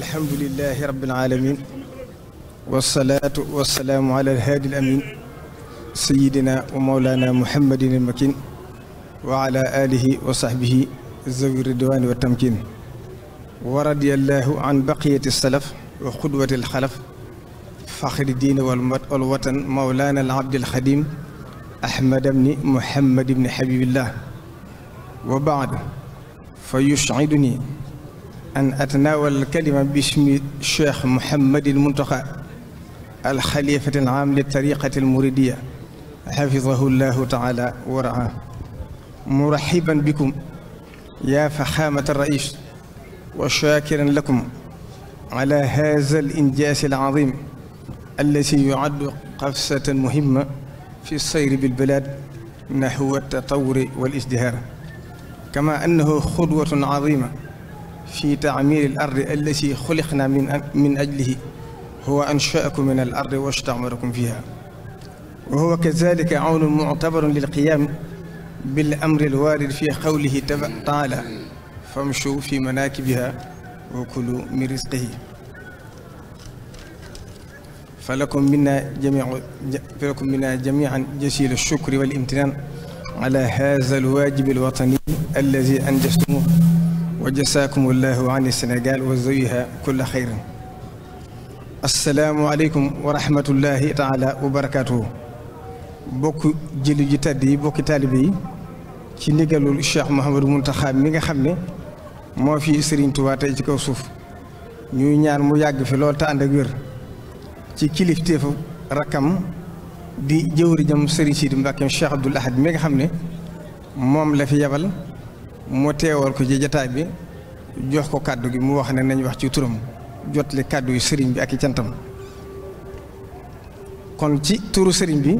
الحمد لله رب العالمين والصلاة والسلام على الهادي الأمين سيدنا ومولانا محمد المكين وعلى آله وصحبه ذوي الردوان والتمكين ورضي الله عن بقية السلف وقدوة الخلف فخر الدين والوطن مولانا العبد الخديم أحمد بن محمد بن حبيب الله وبعد فيشعدني أن أتناول الكلمة باسم الشيخ محمد المنتقى الخليفة العام للطريقة المريدية حفظه الله تعالى ورعاه مرحبا بكم يا فخامة الرئيس وشاكرا لكم على هذا الإنجاز العظيم الذي يعد قفزة مهمة في السير بالبلاد نحو التطور والازدهار كما أنه خطوة عظيمة في تعمير الأرض التي خلقنا من من أجله هو أنشأكم من الأرض واستعمركم فيها وهو كذلك عون معتبر للقيام بالأمر الوارد في قوله تعالى فامشوا في مناكبها وكلوا من رزقه فلكم منا جميع فلكم منا جميعا جزيل الشكر والامتنان على هذا الواجب الوطني الذي أنجزتموه وجزاكم الله عن السنغال وزيها كل خير السلام عليكم ورحمة الله تعالى وبركاته بوك جيلو جي تادي بوك طالبي شي نيغالو الشيخ محمد منتخا ميغا خامني ما في سيرين توبا تاي سي كو سوف ني ñaar mu yag fi lol ta and ak wër ci kilifte fu rakam di jëwri jëm serigne sidou mbakem cheikh abdou ahad mi nga xamne mom mu teewal ko ci jataay bi jox ko kàddu gi mu wax ne nañ wax ci turam jotli kàddu yu sëriñ bi ak i cantam kon ci turu sëriñ bi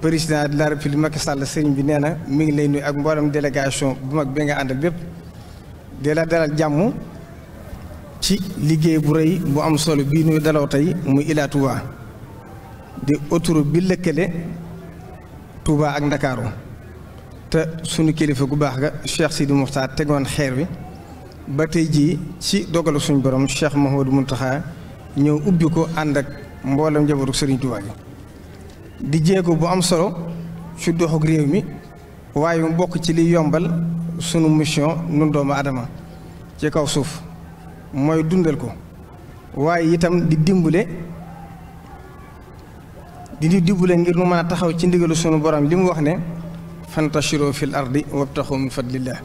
président de la li Macky Sall sëriñ bi nee na mi ngi lay nuyu ak mboolem délégation bu mag bi nga àndal bépp di la dalal jàmm ci liggéey bu rëy bu am solo bii nuy dalaw tey muy Ila Touba di autoroute bi lëkkale Touba ak Ndakaaru te sunu kilifa gu baax ga Cheikh Sidi Moukhtar tegoon xeer bi ba tey jii ci dogalu suñu borom Cheikh Mouhamadou Mountakha ñëw ubbi ko ànd ak mboolem njabootu Serigne Touba gi di jéego bu am solo ci doxug réew mi waaye mu bokk ci li yombal sunu mission nun doomu adama ci kaw suuf mooy dundal ko waaye itam di dimbale di dimbale ngir nu mën a taxaw ci ndigalu sunu borom li mu wax ne fantashiro fil ardi wabtaxu min fadlillah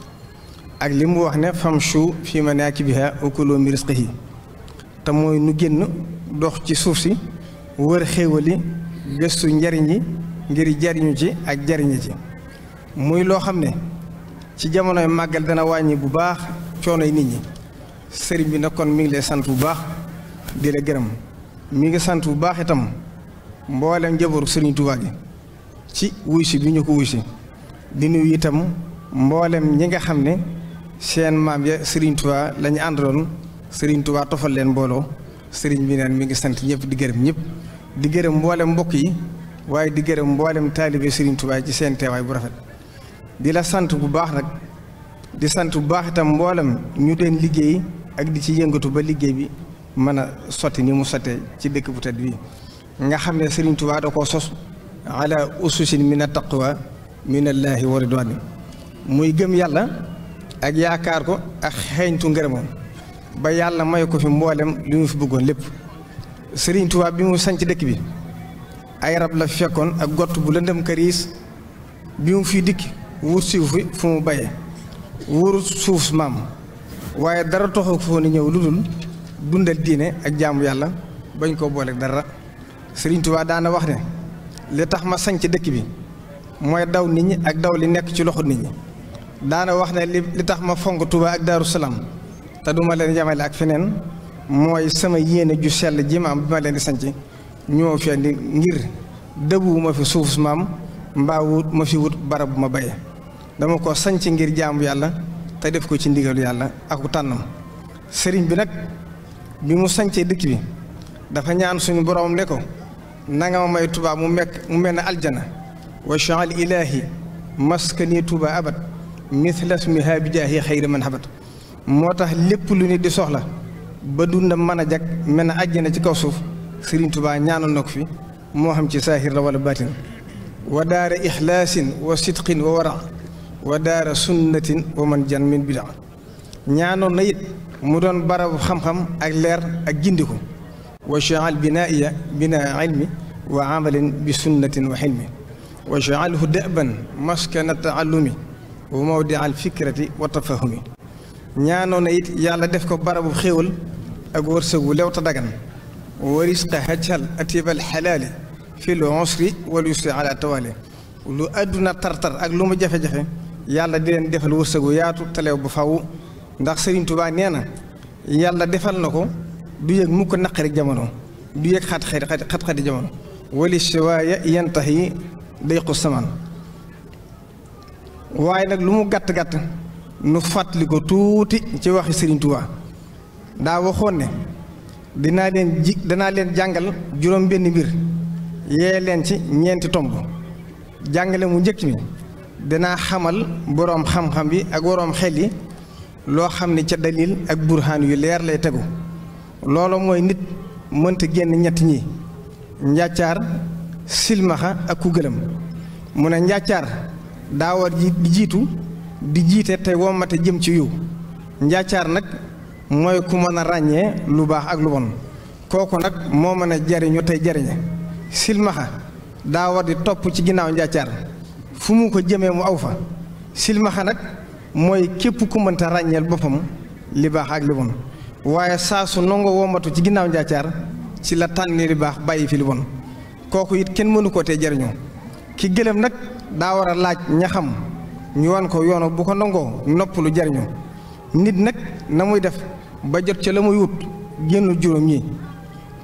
ak li mu wax ne famshu fi manaakibiha wa kulu min risqihi te mooy nu génn dox ci suuf si wër xéewali gëstu njariñ yi ngir jariñu ci ak jariñu ci muy loo xam ne ci jamonoy màggal dana wàññi bu baax coonoy nit ñi sëriñ bi nag kon mi ngi lay sant bu baax di la gërëm mi ngi sant bu baax itam mboolem njabootu sëriñ Tuubaa gi ci wuy si bi ñu ko wuy si di nuyu itam mboolem ñi nga xam ne seen maam ya Serigne Touba la ñu àndaloon Serigne tofal leen mbooloo sëriñ bi naan mi ngi sant ñëpp di gërëm ñëpp di gërëm mboolem mbokk yi waaye di gërëm mboolem taalibe Serigne Touba ci seen teewaay bu rafet di la sant bu baax nag di sant bu baax itam mboolem ñu leen liggéey ak di ci yëngatu ba liggéey bi mën a sotti ni mu sottee ci dëkk bu tedd bi nga xam ne Serigne Touba da koo sos ala ususin mina taqwa minallaahi wa ridwaani muy gëm yàlla ak yaakaar ko ak xeeñtu ngërëmam ba yàlla may ko fi mboolem li mu fi bëggoon lépp Sëriñ Tuubaa bi mu sañc dëkk bi ay rab la fekkoon ak gott bu lëndëm këriis bi mu fi dikk wut suuf fu mu baye wurut suuf maam waaye dara toxu foo ni ñëw lu dul dundal diine ak jaamu yàlla bañ koo boole dara sëriñtuwaa daana wax ne li tax ma sanc dëkk bi mooy daw nit ñi ak daw li nekk ci loxo nit ñi daana wax ne li li tax ma fonk Touba ak Daaru Salaam te duma leen jamale ak feneen mooy sama yéene ju sell ji ma bi ma leen di sanc ñoo fi andi ngir dëbuwu fi suuf maam mbaa wut ma fi wut barab bu ma baye dama ko sañc ngir jaamu yàlla te def ko ci ndigalu yàlla aku tànnam sëriñ bi nag bi mu sañcee dëkk bi dafa ñaan suñu borom ne ko nanga ma may Touba mu mekk mu mel ne aljana وشعل الإلهي مسكن يتوب أبد مثل اسمها بجاهي خير من حبت موتح لب لني دي سوحلة بدون من جاك من أجنة كوسوف سرين توبا نيانو نكفي موهم كي ساهر باتن ودار إخلاص وصدق وورع ودار سنة ومن جن من بلع نيانو نيت مدن براب خم خم أغلير وشعل وشع البناء بناء علمي وعمل بسنة وحلمي واجعله دأبا مسكن التعلم وموضع الفكرة والتفاهم نيانو نيت يالا دفكو بارب خيول أقول سوو لو تدقن ورزق هجل أتيب الحلال في العصر واليسر على التوالي ولو أدنا ترتر أقلو مجفة جفة يالا دين دفل ورسقو ياتو تلو بفاو داخسرين توبا نيانا يالا دفل نكو بيك مكو نقر جمانو بيك خط خير خط خير جمانو ولي ينتهي day xus samaan waaye nag lu mu gàtt gàtt nu fàttali ko tuuti ci waxi Sëriñ Tuubaa daa waxoon ne dinaa leen ji danaa leen jàngal juróom benn mbir yee leen ci ñeenti tomb jàngale mu njëkk mi danaa xamal boroom xam-xam bi ak woroom xel yi loo xam ne ca dalil ak burhaan yu leer lay tegu loolu mooy nit mënta génn ñett ñi njàccaar silmaxa ak ku gëlëm mu ne njàccaar daa war ji di jiitu di jiite te wommate jëm ci yow njàccaar nag mooy ku mën a ràññee lu baax ak lu bon kooku nag moo mën a jariñu tey jariña silmaxa daa war di topp ci ginnaaw njàccaar fu mu ko jëmee mu aw fa silmaxa nag mooy képp ku mënta ràññeel boppam li baax ak li bon waaye saa su nongo wommatu ci ginnaaw njàccaar ci la tànni li baax bàyyi fi li bon kooku it kenn mënu ko tee jariñoo ki gëlëm nag daa war a laaj ñaxam ñu wan ko yoonu bu ko nangoo nopp lu nit nag na muy def ba jot ca la muy wut génn juróom ñi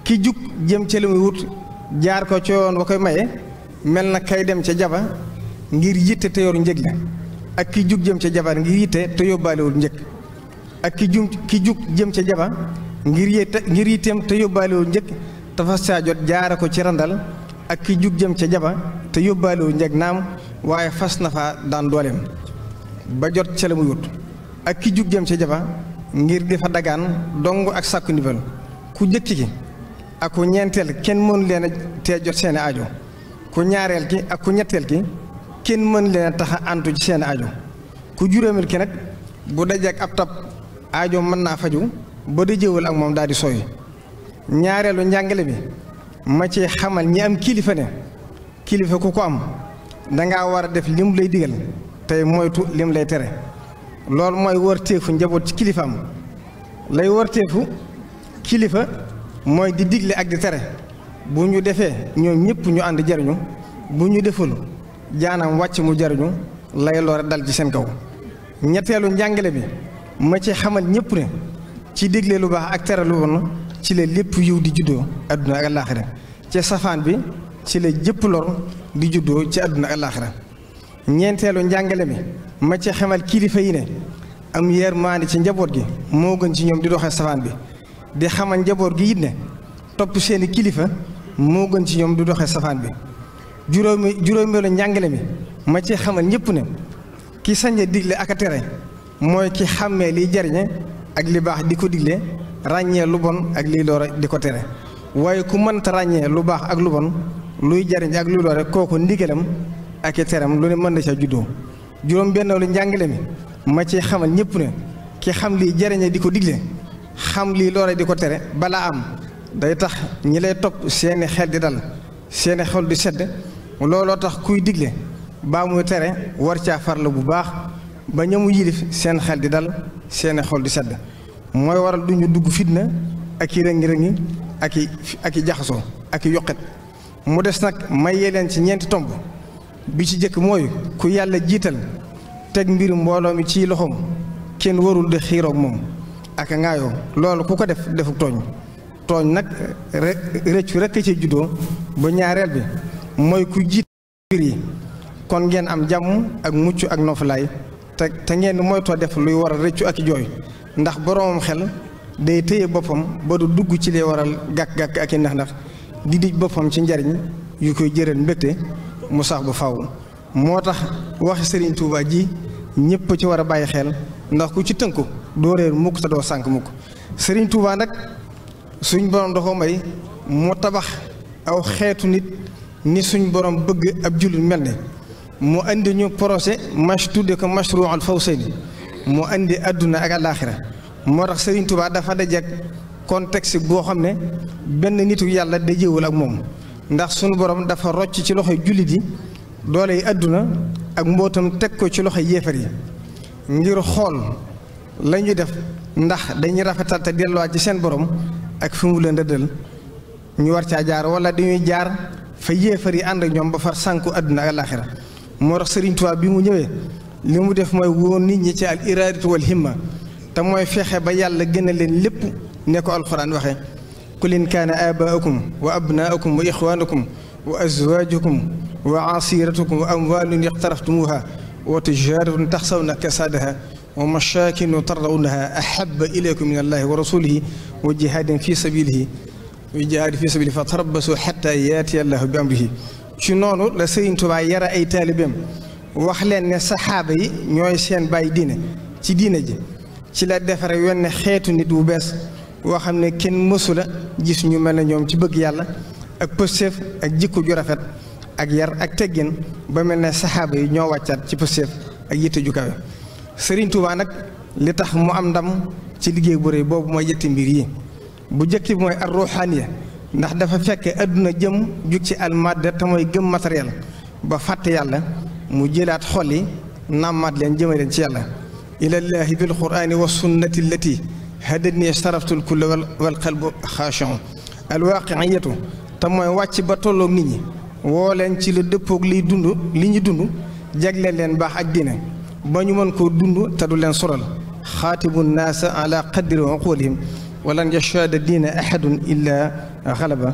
ki jug jëm ca la muy wut jaar ko ca yoon wa koy maye mel na kay dem ca jaba ngir yitte te yor njëg la ak ki jug jëm ca jaba ngir yitte te yóbbaalewul njëg ak ki jum ki jëm ca jaba ngir yite ngir yitteem te yóbbaalewul njëg te fas caa jot jaare ko ci randal ak ki jug jëm ca jaba te yóbbaalewu njëg naam waaye fas na fa daan dooleem ba jot ca la muy ak ki jug jëm ca jaba ngir di fa dagaan dong ak sàkku ndimbal ku jëkk ki ak ku ñeenteel kenn mënu leen a tee jot seeni aajo ku ñaareel ki ak ku ñetteel ki kenn mën leen a tax a àntu ci seeni ajo ku juróomeel ki nag bu dajeek ab tab aajo mën naa faju ba dëjëwal ak moom daal di sooy ñaareelu njàngale bi ma ci xamal ñi am kilifa ne kilifa ku ko am dangaa war a def lim lay digal tey moytu lim lay tere loolu mooy warteefu njaboot ci kilifa am lay warteefu kilifa mooy di digle ak di tere bu ñu defee ñoom ñëpp ñu ànd jariñu bu ñu deful jaanam wàcc mu jariñu lay loore dal ci seen kaw ñetteelu njàngale bi ma ci xamal ñëpp ne ci digle lu baax ak tere lu bon ci la lépp yiw di juddoo àdduna ak àllaaxira ci safaan bi ci la jëpp lor di juddoo ci àdduna ak àllaaxira ñeenteelu njàngale mi ma ci xamal kilifa yi ne am yërmaande ci njaboot gi moo gën ci ñoom di doxee safaan bi di xamal njaboot gi it ne topp seeni kilifa moo gën ci ñoom di doxee safaan bi juróomi juróomeelu njàngale mi ma ci xamal ñëpp ne ki sañ a digle ak a tere mooy ki xàmmee liy jariñe ak li di ko digle ràññee lu bon ak liy lor di ko tere waaye ku mënta ràññee lu baax ak lu bon luy jariñ ak luy lore kooku ndigalam ak i teram lu ne mën na ca juddoo juróom benn lu njàngale mi ma ci xamal ñëpp ne ki xam lii jariñe di ko digle xam lii lore di ko tere balaa am day tax ñi lay topp seeni xel di dal seeni xol di sedd looloo tax kuy digle baa muy tere war caa farla bu baax ba ñamu yilif seen xel di dal seeni xol di sedd mooy waral du ñu dugg fitna ak i rëngi-rëngi ak i ak i jaxasoo ak i yoqet mu des nag mayee leen ci ñeenti tomb bi ci jëkk mooy ku yàlla jiital teg mbir mbooloo mi ci loxoom kenn warul di xiiroog moom ak a ŋaayoo loolu ku ko def defu tooñ tooñ nag rëccu rekk ci juddoo ba ñaareel bi mooy ku jiit mbir yi kon ngeen am jàmm ak mucc ak noflaay te te ngeen moytoo def luy waral a rëccu ak jooy ndax boromam xel day téye boppam ba du dugg ci lay waral gàkk-gàkk ak i ndax-ndax di dij boppam ci njariñ yu koy jëral mbëtte mu sax bu faw moo tax waxi sëriñ Touba ji ñëpp ci war a bàyyi xel ndax ku ci tënku doo réer mukk te doo sànk mukk Serigne Touba nag suñ borom doxoo ko may mu tabax aw xeetu nit ni suñ borom bëgg ab jullit mel ne mu indi ñu projet mash tudde ko mashruul fawsayni moo indi àdduna ak àllaaxira moo tax Serigne Touba dafa dajeek contexte boo xam ne benn nitu yàlla dajewul ak moom ndax sunu borom dafa rocc ci loxo jullit yi doole yi àdduna ak mbootam teg ko ci loxo yéefar yi ngir xool la ñuy def ndax dañuy rafetal te delluwaat ci seen borom ak fi mu leen dëddal ñu war caa jaar wala dañuy jaar fa yéefar yi ànd ak ñoom ba fa sànku àdduna ak àllaaxira moo tax Serigne Touba bi mu ñëwee. limu def moy wóor nit ñi ci al iradat wal himma ta moy fexe ba yàlla gën leen lépp ne ko alquran waxe qul in kaana aabaa'ukum wa abnaa'ukum wa ixwaanukum wa azwajukum wa asiratukum wa amwalun iqtaraftumuha wa tijaaratun taxsawna kasadaha wa mashakin tardawnaha ahabba ilaykum min allahi wa rasulihi wa jihadin fi sabilihi wa jihad fi sabilihi fa hatta yati allahu bi amrihi ci nonu la Sëriñ Tuubaa yara ay talibem wax leen ne saxaaba yi ñooy seen bàyyi diine ci diine ji ci la defare wenn xeetu nit wu bees woo xam ne kenn mësula gis ñu mel ne ci bëgg yàlla ak pëstéef ak jikko ju rafet ak yar ak teggin ba mel ne yi ñoo wàccaat ci pëstéef ak yitte ju kawe Sëriñ Tuubaa nag li tax mu am ndam ci liggéey bu rëy boobu mooy yetti mbir yi bu jëkk bi ar ruuxaaniya ndax dafa fekk àdduna jëm jug ci almaada te mooy gëm matériel ba fàtte yàlla مجيلات خلي نمد لين جمر الجلا إلى الله بالقرآن والسنة التي هدني استرفت الكل والقلب خاشع الواقعية تما واتش بطل مني ولن تشيل دبوغ لي دونو لين دونو جعل لين باح الدين بنيمن كودونو تدل لين سرال خاتب الناس على قدر عقولهم ولن يشهد الدين أحد إلا غلبه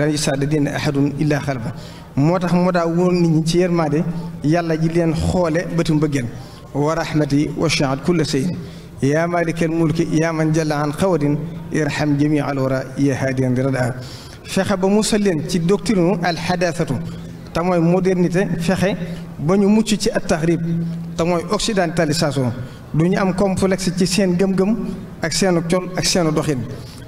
لن يشهد الدين أحد إلا غلبه moo tax moo daa wóor nit ñi ci yërmaande yàlla ji leen xoole bëtu mbëggeen wa rahmati wasi'at kulla shay'in yaa maalikal mulki yaa man jalla an xawadin irham jamii al wara yaa haadiyan di radaa fexe ba musal leen ci doctrine alxadaasatu te mooy modernité fexe ba ñu mucc ci at taxrib te mooy occidentalisation du ñu am complexe ci seen gëm-gëm ak seenu col ak seen doxin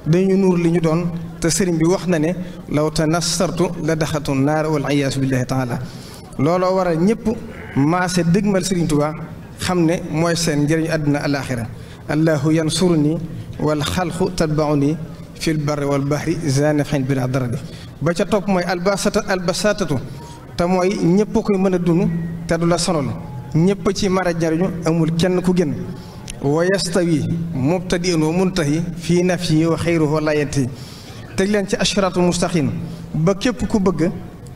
dañu nuur li ñu doon te sëriñ bi wax na ne law te nasartu la daxatu naar wal ayaasu billaahi taala looloo waral ñëpp maase dëgmal sëriñ Tuubaa xam ne mooy seen njëriñu àdduna alaaxira allahu yansuruni wal xalqu tatbauni fil barri wal bahri zanifin bila darari ba ca topp mooy albasata albasatatu te mooy ñëpp koy mën a dund te du la sonal ñëpp ci mara jariñu amul kenn ku gën wa yastawi mubtadiun wa muntahi fii nafsihi wa xayruhu teg leen ci ashratul mustaqim ba képp ku bëgg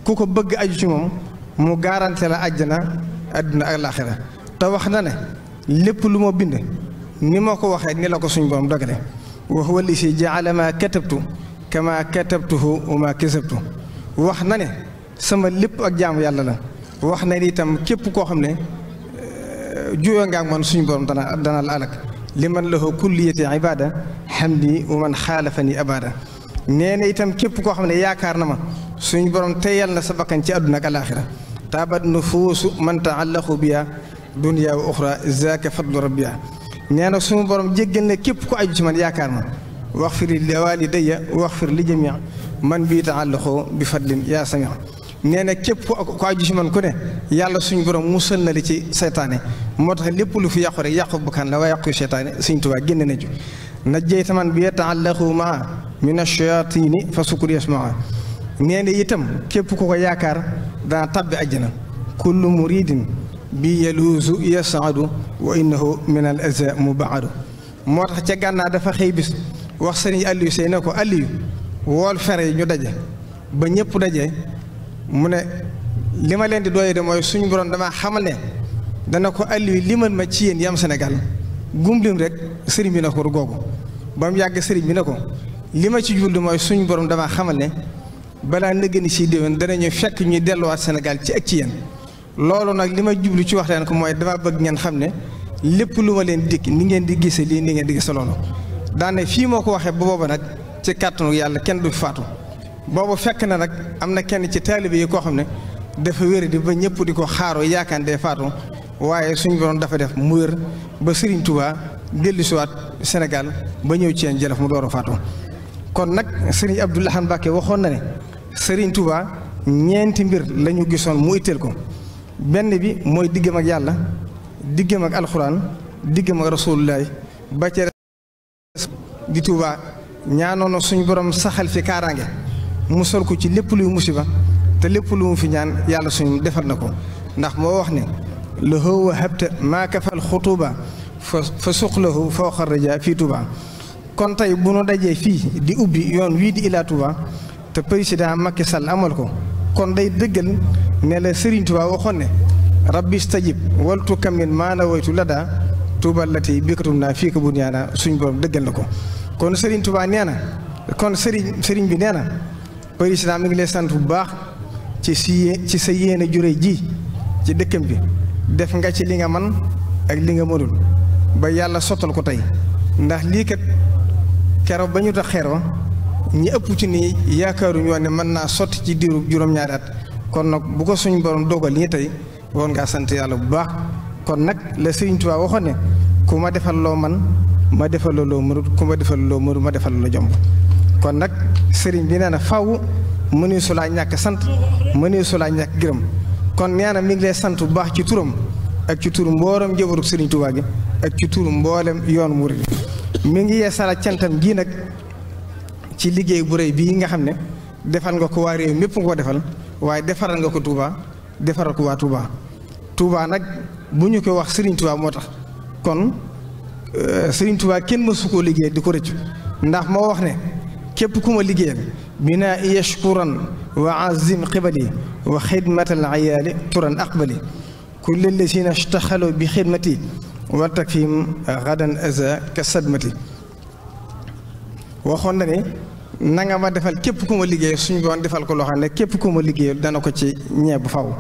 ku ko bëgg aju ci moom mu garanté la àjjana àdduna ak laaxira te wax na ne lépp lu ma bind ni ma ko waxee ni la ko suñ borom dogale wa huwa lisi jaala ma katabtu kama katabtuhu wa ma kasabtu wax na ne sama lépp ak jaamu yàlla la wax na ni itam képp koo xam ne juyoo nga ak man suñu borom dana dana la alak li man lahu kulliyati ibada hamdi wa man xaalafani abada nee na itam képp koo xam ne yaakaar na ma suñu borom teyal na sa bakkan ci àdduna ak alaaxira taabat nufuusu man taallaqu biha dunya wa uxra zaaka fadlu rabbiha nee na suñu borom jéggal na képp ko aju ci man yaakaar ma waxfir li walidayya waxfir li jamii man bii taallaqu bi fadlin yaa sami nee na képp ko aju ci man ku yàlla suñu borom musal na li ci seytaane moo tax lépp lu fi yàqu rek yàqu bakkan la waa yàqu seytaane suñ tubaa génn na ju najjeytaman bi taallaqu maa min ash-shayaatini fa sukkur yasmaa nee na itam képp ku ko yaakaar dana tabbi àjjana kullu muridin bi yaluusu yasaadu wa innahu min al aza mubaadu moo tax ca gànnaa dafa xëy bis wax sëriñ Aliou Sey ne ko Aliou wool fere yi ñu daje ba ñëpp daje mu ne li ma leen di doye de mooy suñu borom damaa xamal ne dana ko Aliou liman ma ci yéen yam senegal gumlim rek sëriñ bi na ko googu ba mu yàgg sëriñ bi na ko li ma ci jund mooy suñu borom dama xamal ne balaa nëgëni si déwén danañu fekk ñuy delluwaat Sénégal ci ak ci yéen loolu nag li ma jublu ci wax waxtaan ko mooy dama bëgg ngeen xam ne lépp lu ma leen dikk ni ngeen di gise lii ni ngeen di gise loolu daane fii moo ko waxee ba booba nag ci kàttanu yàlla kenn du faatu boobu fekk na nag am na kenn ci taalibe yi koo xam ne dafa wér di ba ñëpp di ko xaaroo yaakaar dee faatu waaye suñu borom dafa def mu wér ba Serigne Touba dellusiwaat Sénégal ba ñëw ci yéen Jolof mu door a kon nag sëriñ Abdou Lahad waxoon na ne sëriñ Touba ñeenti mbir lañu gisoon mu itteel ko benn bi mooy diggam ak yàlla diggam ak alxuraan diggam ak rasulullah ba ca di Touba ñaanoon suñu borom saxal fi kaaraange mu ko ci lépp luy musiba te lépp lu mu fi ñaan yàlla suñu defar na ko ndax moo wax ne la hëwa habta maakafal xutuba fa suqlahu fawqa raja fii Touba kon tey bu nu dajee fii di ubbi yoon wii di Ila Touba te président makki Sall amal ko kon day dëggal ne la Serigne Touba waxoon ne rab rabbi stajib waltu kamin maana waytu lada Touba lati bikatum naa fii ko bu naa suñ borom dëggal na ko kon Serigne Touba nee na kon Serigne Serigne bi nee na président mi ngi lay sant bu baax ci si ci sa yéene jure ji ci dëkkam bi def nga ci li nga man ak li nga mënul ba yàlla sottal ko tey ndax lii keroog ba ñu tax xeer wa ñi ëpp ci nii yaakaaruñu woon ne mën naa sotti ci diiru juróom-ñaari kon nag bu ko suñ borom dogal lii tey woon ngaa sant yàlla bu baax kon nag la Sëriñ Tuubaa waxoon ne ku ma defal loo man ma defal la loo mënut ku ma defal loo mënut ma defal la jomb kon nag sëriñ bi nee na faaw mënee su laa ñàkk sant mënee su laa ñàkk gërëm kon nee na mi ngi lay sant bu baax ci turam ak ci turu mbooram jëbarug Sëriñ Tuubaa gi ak ci turu mboolem yoon murid mi ngi yeesalaat cantam gii nag ci liggéey bu rëy bii nga xam ne defal nga ko waa réew mépp nga ko defal waaye defaral nga ko Touba defaral ko waa Touba Touba nag bu ñu ko wax Serigne Touba moo tax kon euh, Serigne Touba kenn mësu koo liggéey di ko rëccu ndax moo wax ne képp ku ma liggéeyal binaa yashkuran wa azim qibali wa xidmatal ayaali turan aqbali kulli lasina ishtaxalo bi xidmati wa takfihim gadan eh, aza eh, ka sadmati waxoon na ne na nga ma defal képp ku ma liggéey suñu doon defal ko loo xam ne képp ku ma liggéey dana ko ci ñeeb faw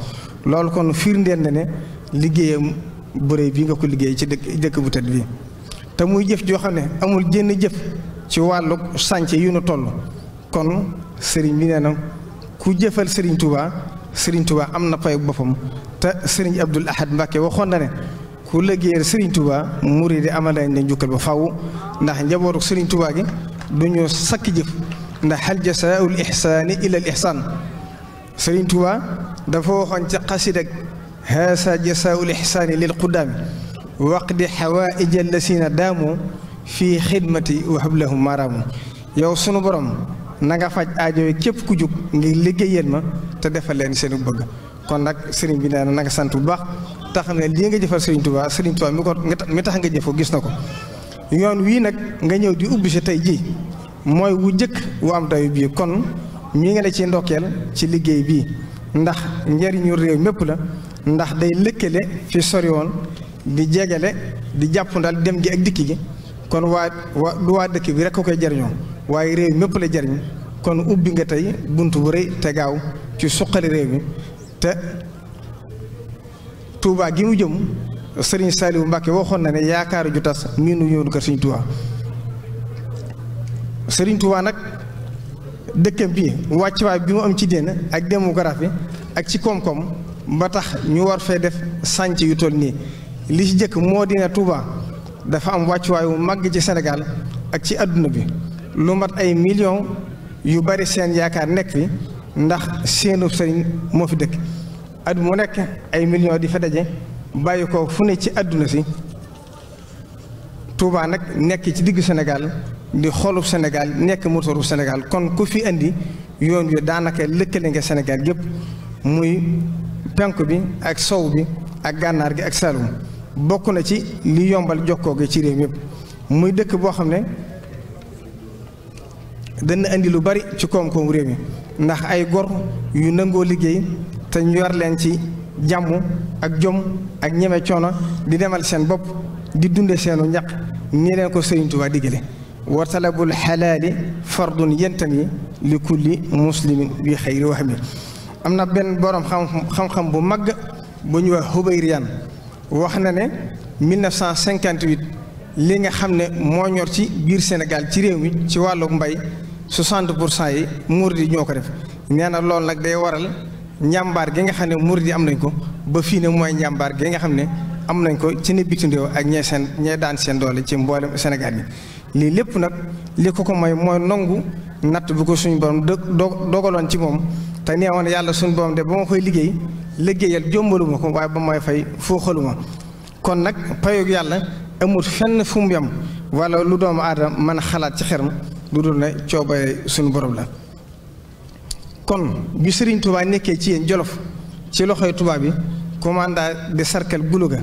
loolu kon firndeel na ne liggéeyam bëre bi nga ko liggéey ci dëkk dëkk bu tëdd bi te muy jëf joo ne amul jenn jëf ci wàllu sànce yu nu toll kon sëriñ bi nee na ku jëfal sëriñ Touba sëriñ Touba am na pay boppam te sëriñ Abdul Ahad Mbacke waxoon na kulle geer Serigne Touba murid amana ne nañ ba faw ndax njabootu Serigne Touba gi duñu sakki jëf ndax hal jasaa'ul ihsaani ila al ihsan Serigne Touba dafa waxoon ci qasida ak haasa jasaa'ul ihsaani lil quddaami waqdi hawa'ij allasina damu fi khidmati wa hablahum maram yow sunu borom nga faj aajo kep ku juk ngi liggeyel ma te defal len senu bëgg kon nak Serigne bi na nga sant bu baax. te xam ne lii nga jëfal Serigne Touba mi ko mi tax nga jëf ko gis na ko yoon wii nag nga ñëw di ubbi si tey ji mooy wu njëkk wu am dayu bii kon mi nga ne ci ndokkeel ci liggéey bii ndax njariñu réew mépp la ndax day lëkkale fi sori woon di jegale di jàpp ndal dem gi ak dikk gi kon waa wa du waa dëkk bi rek koy jariñoo waaye réew mépp la jariñ kon ubbi nga tey bunt bu rëy te gaaw ci suqali réew mi te Touba gi mu jëm Serigne Saliou Mbacke waxoon na ne yaakaaru ju tas miinu ñëwul kër Serigne Touba Serigne Touba nag dëkkam bi wàccuwaay bi mu am ci dénn ak démographie ak ci koom-koom ba tax ñu war fee def sànc yu toll nii li ci jëkk moo dina Touba dafa am wàccuwaay wu màgg ci senegal ak ci àdduna bi lu mat ay millions yu bari seen yaakaar nekk fi ndax seenu sëriñ moo fi dëkk at mu nekk ay millions di fa daje bàyyi ko fu ne ci àdduna si Touba nag nekk ci diggu Sénégal di xoolu Sénégal nekk motoru Sénégal kon ku fi indi yoon wi daanaka lëkkale nga Sénégal yépp muy penk bi ak sow bi ak gànnaar gi ak Saloum bokk na ci li yombal jokkoo gi ci réew yëpp muy dëkk boo xam ne dana indi lu bari ci koom-koom réew mi ndax ay gor yu nangoo liggéey te ñu yor leen ci jàmm ak jom ak ñeme coono di demal seen bopp di dunde seenu ñaq ni leen ko Sëriñ tuba diggale wa talabul xalaali fardun yentami li kulli muslimin bi xayri wahmi am na benn borom xam-xam bu mag bu ñu wax Hubayriyaan wax na ne 1958 li nga xam ne moo ñor ci biir Sénégal ci réew mi ci wàllu mbay 60 pour cent yi muur di ñoo ko def nee na loolu nag day waral njàmbaar gi nga xam ne murid yi am nañ ko ba fii ne mooy njàmbaar gi nga xam ne am nañ ko ci ne bitim ak ñee seen ñee daan seen doole ci mboolem Sénégal yi lii lépp nag li ko ko mooy mooy nangu natt bu ko suñu borom dogaloon ci moom te nee woon yàlla suñu borom de ba ma koy liggéey liggéeyal jombaluma ko waaye ba may fay fooxaluma kon nag payoog yàlla amut fenn fu mu yem wala lu doomu aadama mën a xalaat ci xeram lu dul ne coobare suñu borom la kon bi Serigne Touba nekkee ci yéen Jolof ci loxoy tubaab bi commandant de cercle Goulouga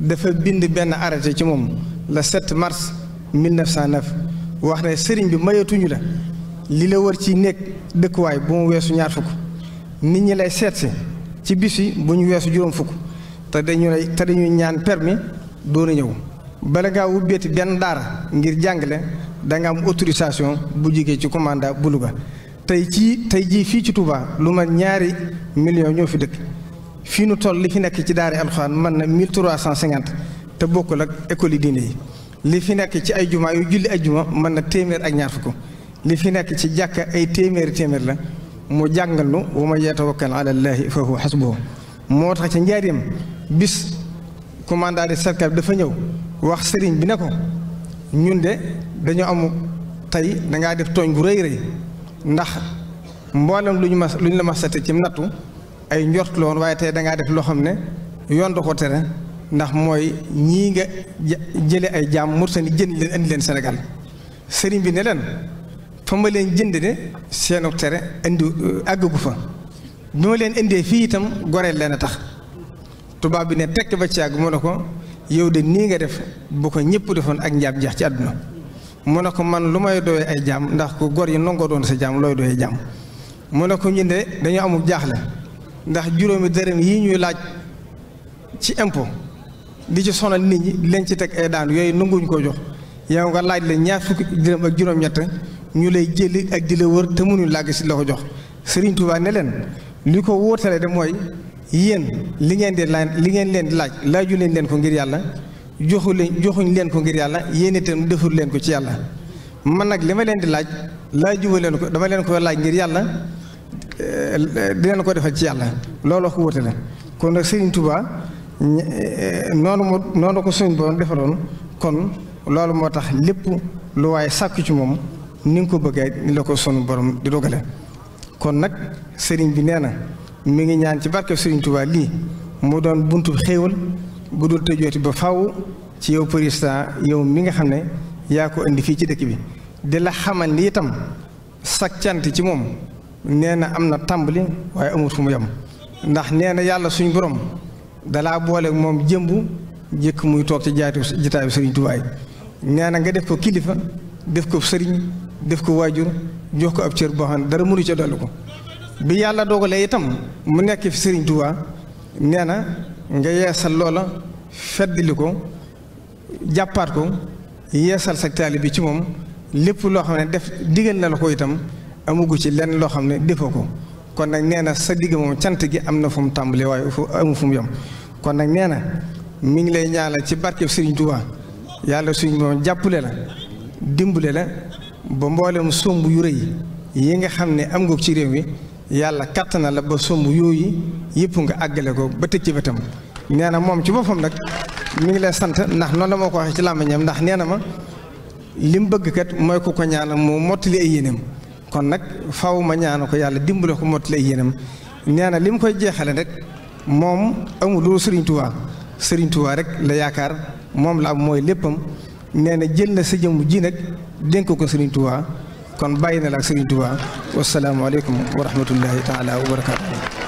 dafa bind benn arrêté ci moom le 7 mars 1909 wax ne Serigne bi mayatuñu la lii la wër ci nekk dëkkuwaay bu mu weesu ñaar fukk nit ñi lay seetsi ci bis yi bu ñu weesu juróom fukk te dañu te dañuy ñaan permi doon a ñëw bala ngaa wubbeeti benn daara ngir jàngale da nga am autorisation bu jigee ci commandant bu tey ci tey jii fii ci Touba lu ma ñaari million ñoo fi dëkk fii nu toll li fi nekk ci daari alxuraan man na mille trois cent cinquante te bokkul ak école yi diine yi li fi nekk ci ay jumaa yu julli ay juma mën na téeméer ak ñaar ko li fi nekk ci jàkk ay téeméeri téeméer la mu jàngal nu wa man yatawakkal ala llaahi fa huwa hasbuhu moo tax ca njaareem bis commandant de cercle bi dafa ñëw wax sëriñ bi ne ko ñun de dañoo amu tey dangaa def tooñ bu rëy rëy ndax mboolem lu ñu mas lu ñu la masate ci nattu ay njort la waaye tey dangaa def loo xam ne yoon da ko tere ndax mooy ñii nga jële ay jaam murtani jën leen indi leen senegal sëriñ bi ne leen fa ma leen jënd de seenu tere indi àggagu fa bi ma leen indee fii itam goreel leen a tax tubaab bi ne tekk ba ci àgg mu ne ko yow de nii nga def bu ko ñëpp defoon ak njaab jeex ci àdduna mu ne ko man lu may doy ay jaam ndax ko gor yi nangoo doon sa jaam looy doy jaam mu ne ko ñun de dañu amul jaaxle ndax juróomi dërëm yi ñuy laaj ci impôt di ci sonal nit ñi di leen ci teg ay daan yooyu nanguñ ko jox yow nga laaj la ñaar fukki dërëm ak juróom-ñett ñu lay jëli ak di la wër te mënuñ làgg si la ko jox sëriñ Touba ne leen li ko wóotale de mooy yéen li ngeen di li ngeen leen di laaj laaju leen leen ko ngir yàlla. joxu leen joxuñ leen ko ngir yàlla yéen itam deful leen ko ci yàlla man nag li ma leen di laaj laa laajuma leen ko dama leen ko laaj ngir yàlla eh, di leen ko defal ci yàlla looloo ko wute la kon nag Sëriñ eh, noonu moo noonu ko suñ borom defaloon kon loolu moo tax lépp lu waaye ci moom ni nga ko bëggee ni la ko sunu borom di dogale kon nag sëriñ bi nee na mu ngi ñaan ci barke Sëriñ Tuubaa lii mu doon buntu xéewal bu dul tëjooti ba faw ci yow président yow mi nga xam ne yaa ko indi fii ci dëkk bi di la xamal ni itam sak cant ci moom nee na am na tàmbali waaye amut fu mu yem ndax nee na yàlla suñ borom dalaa boole moom jëmb jëkk muy toog ci jaatu bi sëriñ Tuubaa nee na nga def ko kilifa def ko sëriñ def ko waajur jox ko ab cër boo xam ne dara mënu ca dolli ko bi yàlla doogalee itam mu nekk fi sëriñ Tuubaa nee na nga yeesal loola feddli ko jàppaat ko yeesal sa taali bi ci moom lépp loo xam ne def digal na la ko itam amugu ci lenn loo xam ne defoo ko kon nag nee na sa digg moom cant gi am na fu mu tàmbalee waaye fu amu fu mu yem kon nag nee na mi ngi lay ñaanal ci barkeb Serigne Touba yàlla suñu moom jàppale la dimbale la ba mboolemu somb yu rëy yi nga xam ne am nga ci réew mi yàlla kàtt la ba somb yooyu yëpp nga àggale ko ba tëj ci bëtam nee moom ci boppam nag mi ngi lay sant ndax noonu la moo ko waxee ci làmmiñam ndax nee na ma li mu bëgg kat mooy ku ko ñaanal mu mottali ay yéenam kon nag faw ma ñaana ko yàlla dimbale ko mottali ay yéenam nee na li mu koy jeexale rek moom amul loolu Serigne Touba rek la yaakaar moom la am mooy léppam nee na jël na sa jëmm jii nag dénk ko Serigne kon bàyyi na la ak Serigne Touba wasalaamualeykum wa rahmatullahi taala wa barakaatu.